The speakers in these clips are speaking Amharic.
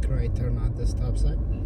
make right turn at the stop sign.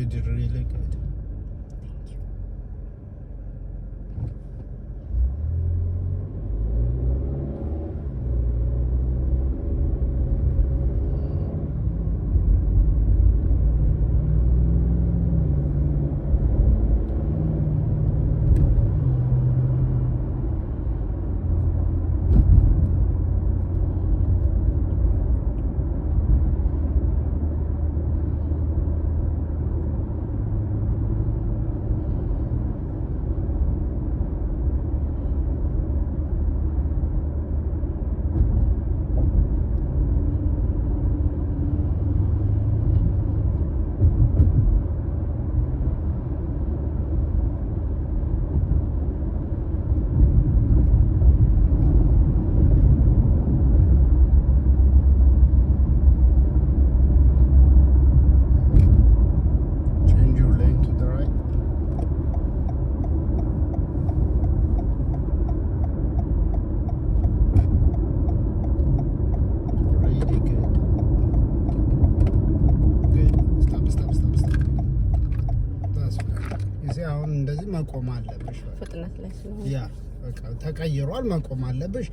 You did really good. ጊዜ አሁን እንደዚህ መቆም አለብሽ። ፍጥነት ላይ ተቀይሯል፣ መቆም አለብሽ።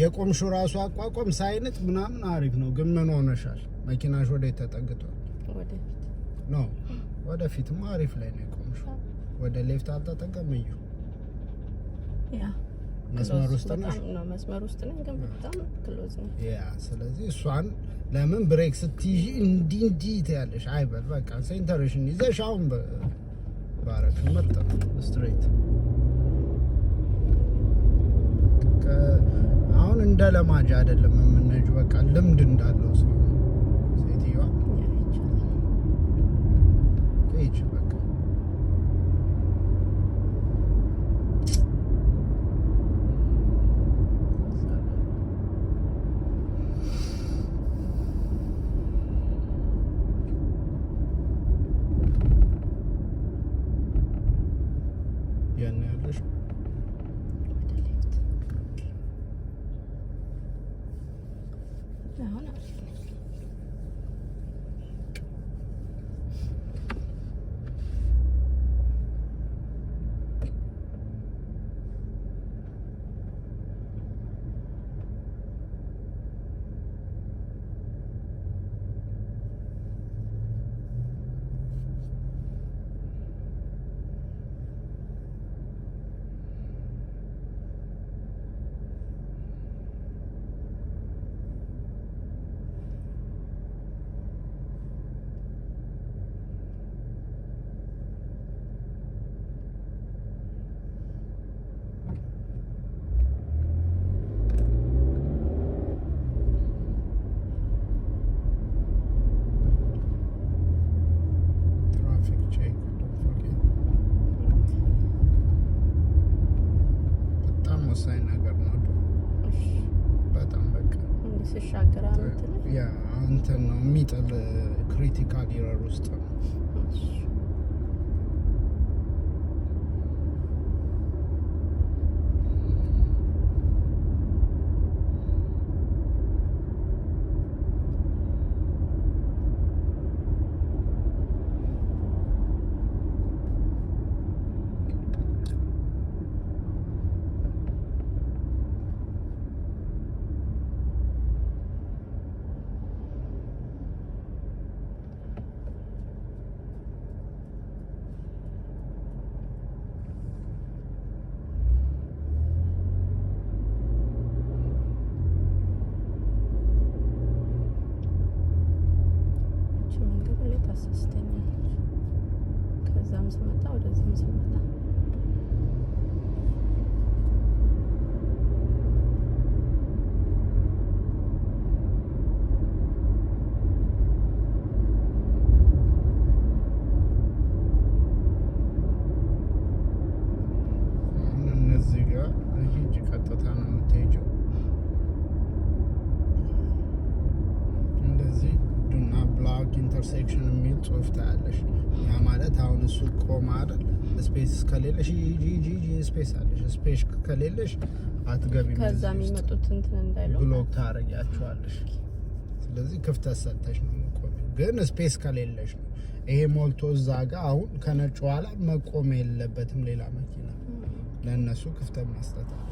የቆምሹ ራሱ አቋቋም ሳይነት ምናምን አሪፍ ነው፣ ግን ምን ሆነሻል? መኪናሽ ወደ ተጠግቷል? ኖ ወደፊትማ አሪፍ ላይ ነው የቆምሹ። ወደ ሌፍት አልተጠቀም እዩ መስመር ውስጥ ነው መስመር ውስጥ ነው፣ ግን በጣም ክሎዝ ነው ያ። ስለዚህ እሷን ለምን ብሬክ ስትይዢ እንዲህ እንዲህ ትያለሽ? አይበል በቃ ሴንተርሽን ይዘሽ አሁን ባረክ ከመጣ ስትሬት አሁን እንደ ለማጅ አይደለም የምንሄድ፣ በቃ ልምድ እንዳለው ሰው ሴትዮዋ ሄጅ እሱ ቆማ አይደል ስፔስ ከሌለሽ ስፔስ አለሽ ስፔስ ከሌለሽ አትገቢም። ከዛ የሚመጡት እንትን እንዳይሉ ብሎክ ታደርጊያቸዋለሽ። ስለዚህ ክፍተት ሰተሽ ነው የምትቆሚው፣ ግን ስፔስ ከሌለሽ ነው። ይሄ ሞልቶ እዛ ጋር አሁን ከነጭ ኋላ መቆም የለበትም ሌላ መኪና። ለእነሱ ክፍተት መስጠት አለ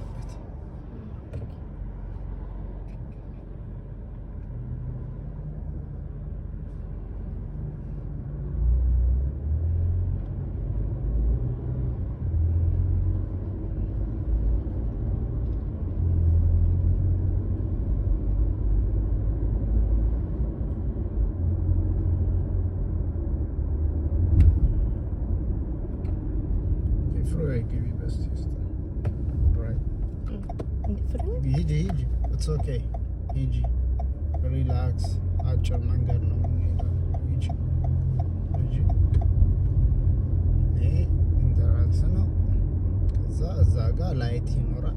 ኢትስ ኦኬ ሂጂ፣ ሪላክስ። አጭር መንገድ ነው ይሄ ኢንተራንስ ነው። ከዛ እዛ ጋር ላይት ይኖራል።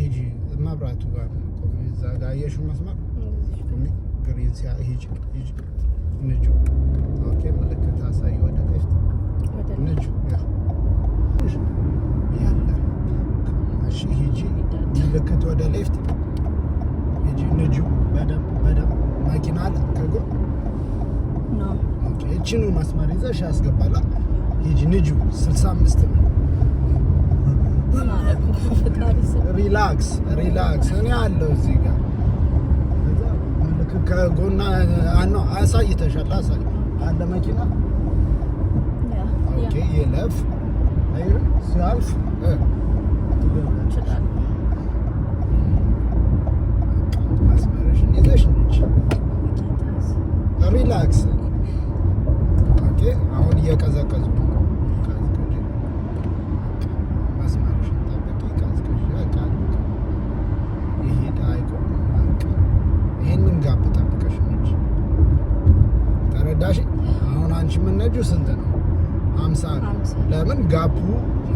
ሂጂ፣ መብራቱ ጋር ነው እዛ ጋር አየሽው መስመር ግሪን ሲያ ሂጂ ሂጂ ንጩ ኦኬ፣ ምልክት አሳይ ወደ ሌፍት ንጩ ያለ እሺ፣ ሂጂ ምልክት ወደ ሌፍት ሂጂ ንጁ በደንብ በደንብ መኪና አለ ከጎን እችኑ መስመር ይዘሽ ያስገባላ ሂጂ ንጁ ስልሳ አምስት ነው። ሪላክስ ሪላክስ እኔ አለው እዚህ ጋር ከጎና ነው አሳይተሻል። አሳይ አለ መኪና ኦኬ፣ ይለፍ ሲያልፍ ሪላክስ ኦኬ። አሁን እየቀዘቀዙ ሀያ አሁን አንቺ የምነጂው ስንት ነው? ሀምሳ ነው። ለምን ጋፑ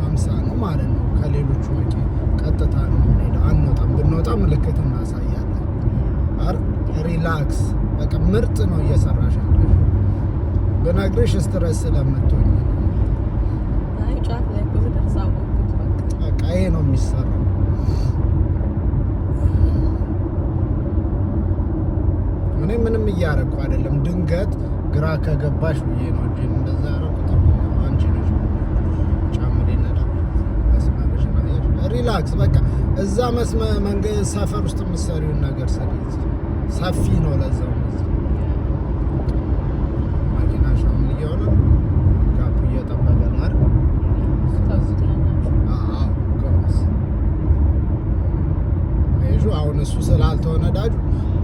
ሀምሳ ነው ማለት ነው። ከሌሎቹ ወጪ ቀጥታ ነው የምንሄደው። አንወጣም። ብንወጣ ምልክት እናሳያለን። አር ሪላክስ በቃ ምርጥ ነው እየሰራሽ ያለ በናግሬሽ ስትረስ ስለምትሆኝ በቃ ይሄ ነው የሚሰራው። እኔ ምንም እያረኩ አይደለም። ድንገት ግራ ከገባሽ ብዬ ነው እንጂ እንደዛ ያረኩት አንቺ ልጅ ጫምር ይነዳል ሪላክስ በቃ እዛ መስመ መንገድ ሰፈር ውስጥ የምትሰሪውን ነገር ሰ ሰፊ ነው ለዛው መኪና ሻምን እየሆነ አሁን እሱ ስላልተሆነ ነዳጁ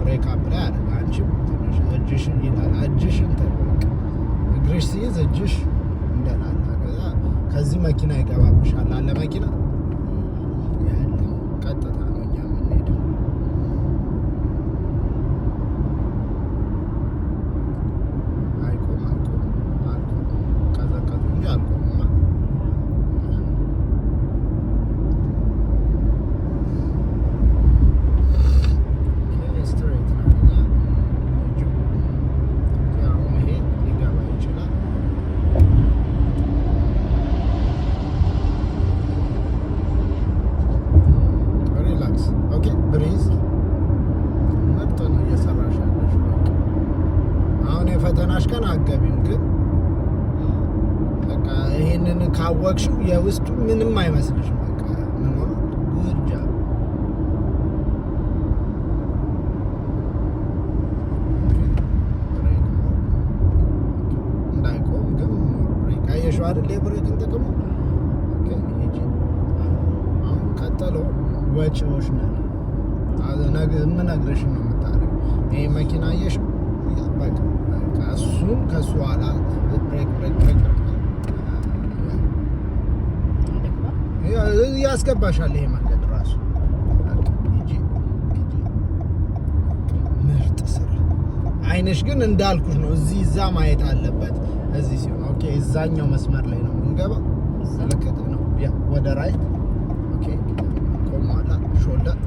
ብሬክ አፕ ላይ አደረገ። አንቺም ትንሽ እጅሽን ይላል እጅሽን ተበቅ እግርሽ ሲይዝ እጅሽ እንደላለ ከዚህ መኪና ይገባብሻል አለ መኪና ቀጥታ ካወቅሽው የውስጡ ምንም አይመስልሽም። በቃ መኖሩ ጉርጃ እንዳይቆም ግን ብሬክ አየሽው አይደል? የብሬክን ጥቅሙ አሁን ቀጠሎ ወጪዎች ነ የምነግርሽ ነው የምታደርገው ይሄ መኪና አየሽው በቃ ከእሱ ኋላ ያስገባሻል። ይሄ መንገድ ራሱ ምርጥ ስራ። አይነሽ ግን እንዳልኩሽ ነው፣ እዚህ እዛ ማየት አለበት። እዚህ ሲሆን ኦኬ፣ እዛኛው መስመር ላይ ነው የምንገባ። ምልክት ነው ያ ወደ ራይት ኦኬ። ቆሟላ ሾልደር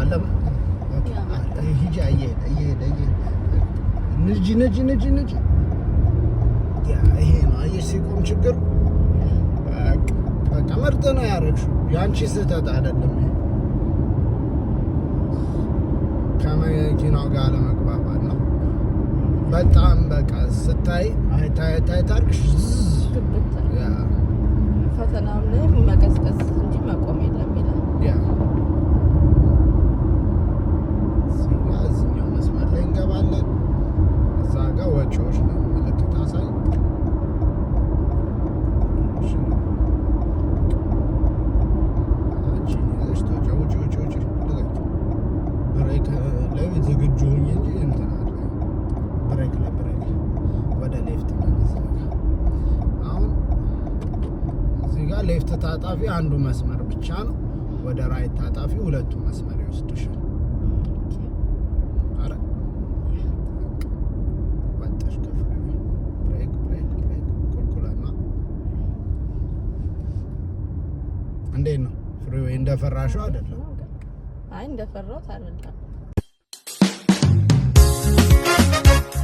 አለም ኦኬ። ሂጂ፣ እየሄደ እየሄደ እየሄደ ንጂ ንጂ ንጂ ንጂ። ያ ይሄ ነው አየሽ፣ ሲቆም ችግር ተመርጠ ነው ያደረግሽው። የአንቺ ስህተት አይደለም። ከመኪናው ጋር ለመግባባት ነው። በጣም በቃ ስታይ አይታይ ታርግሽ ፈተናም ላይ መቀስቀስ ታጣፊ አንዱ መስመር ብቻ ነው። ወደ ራይት ታጣፊ ሁለቱ መስመር ይወስድሻል። እንዴት ነው ፍሬው? እንደፈራሽው አይደለም። አይ እንደፈራሁት አይደለም።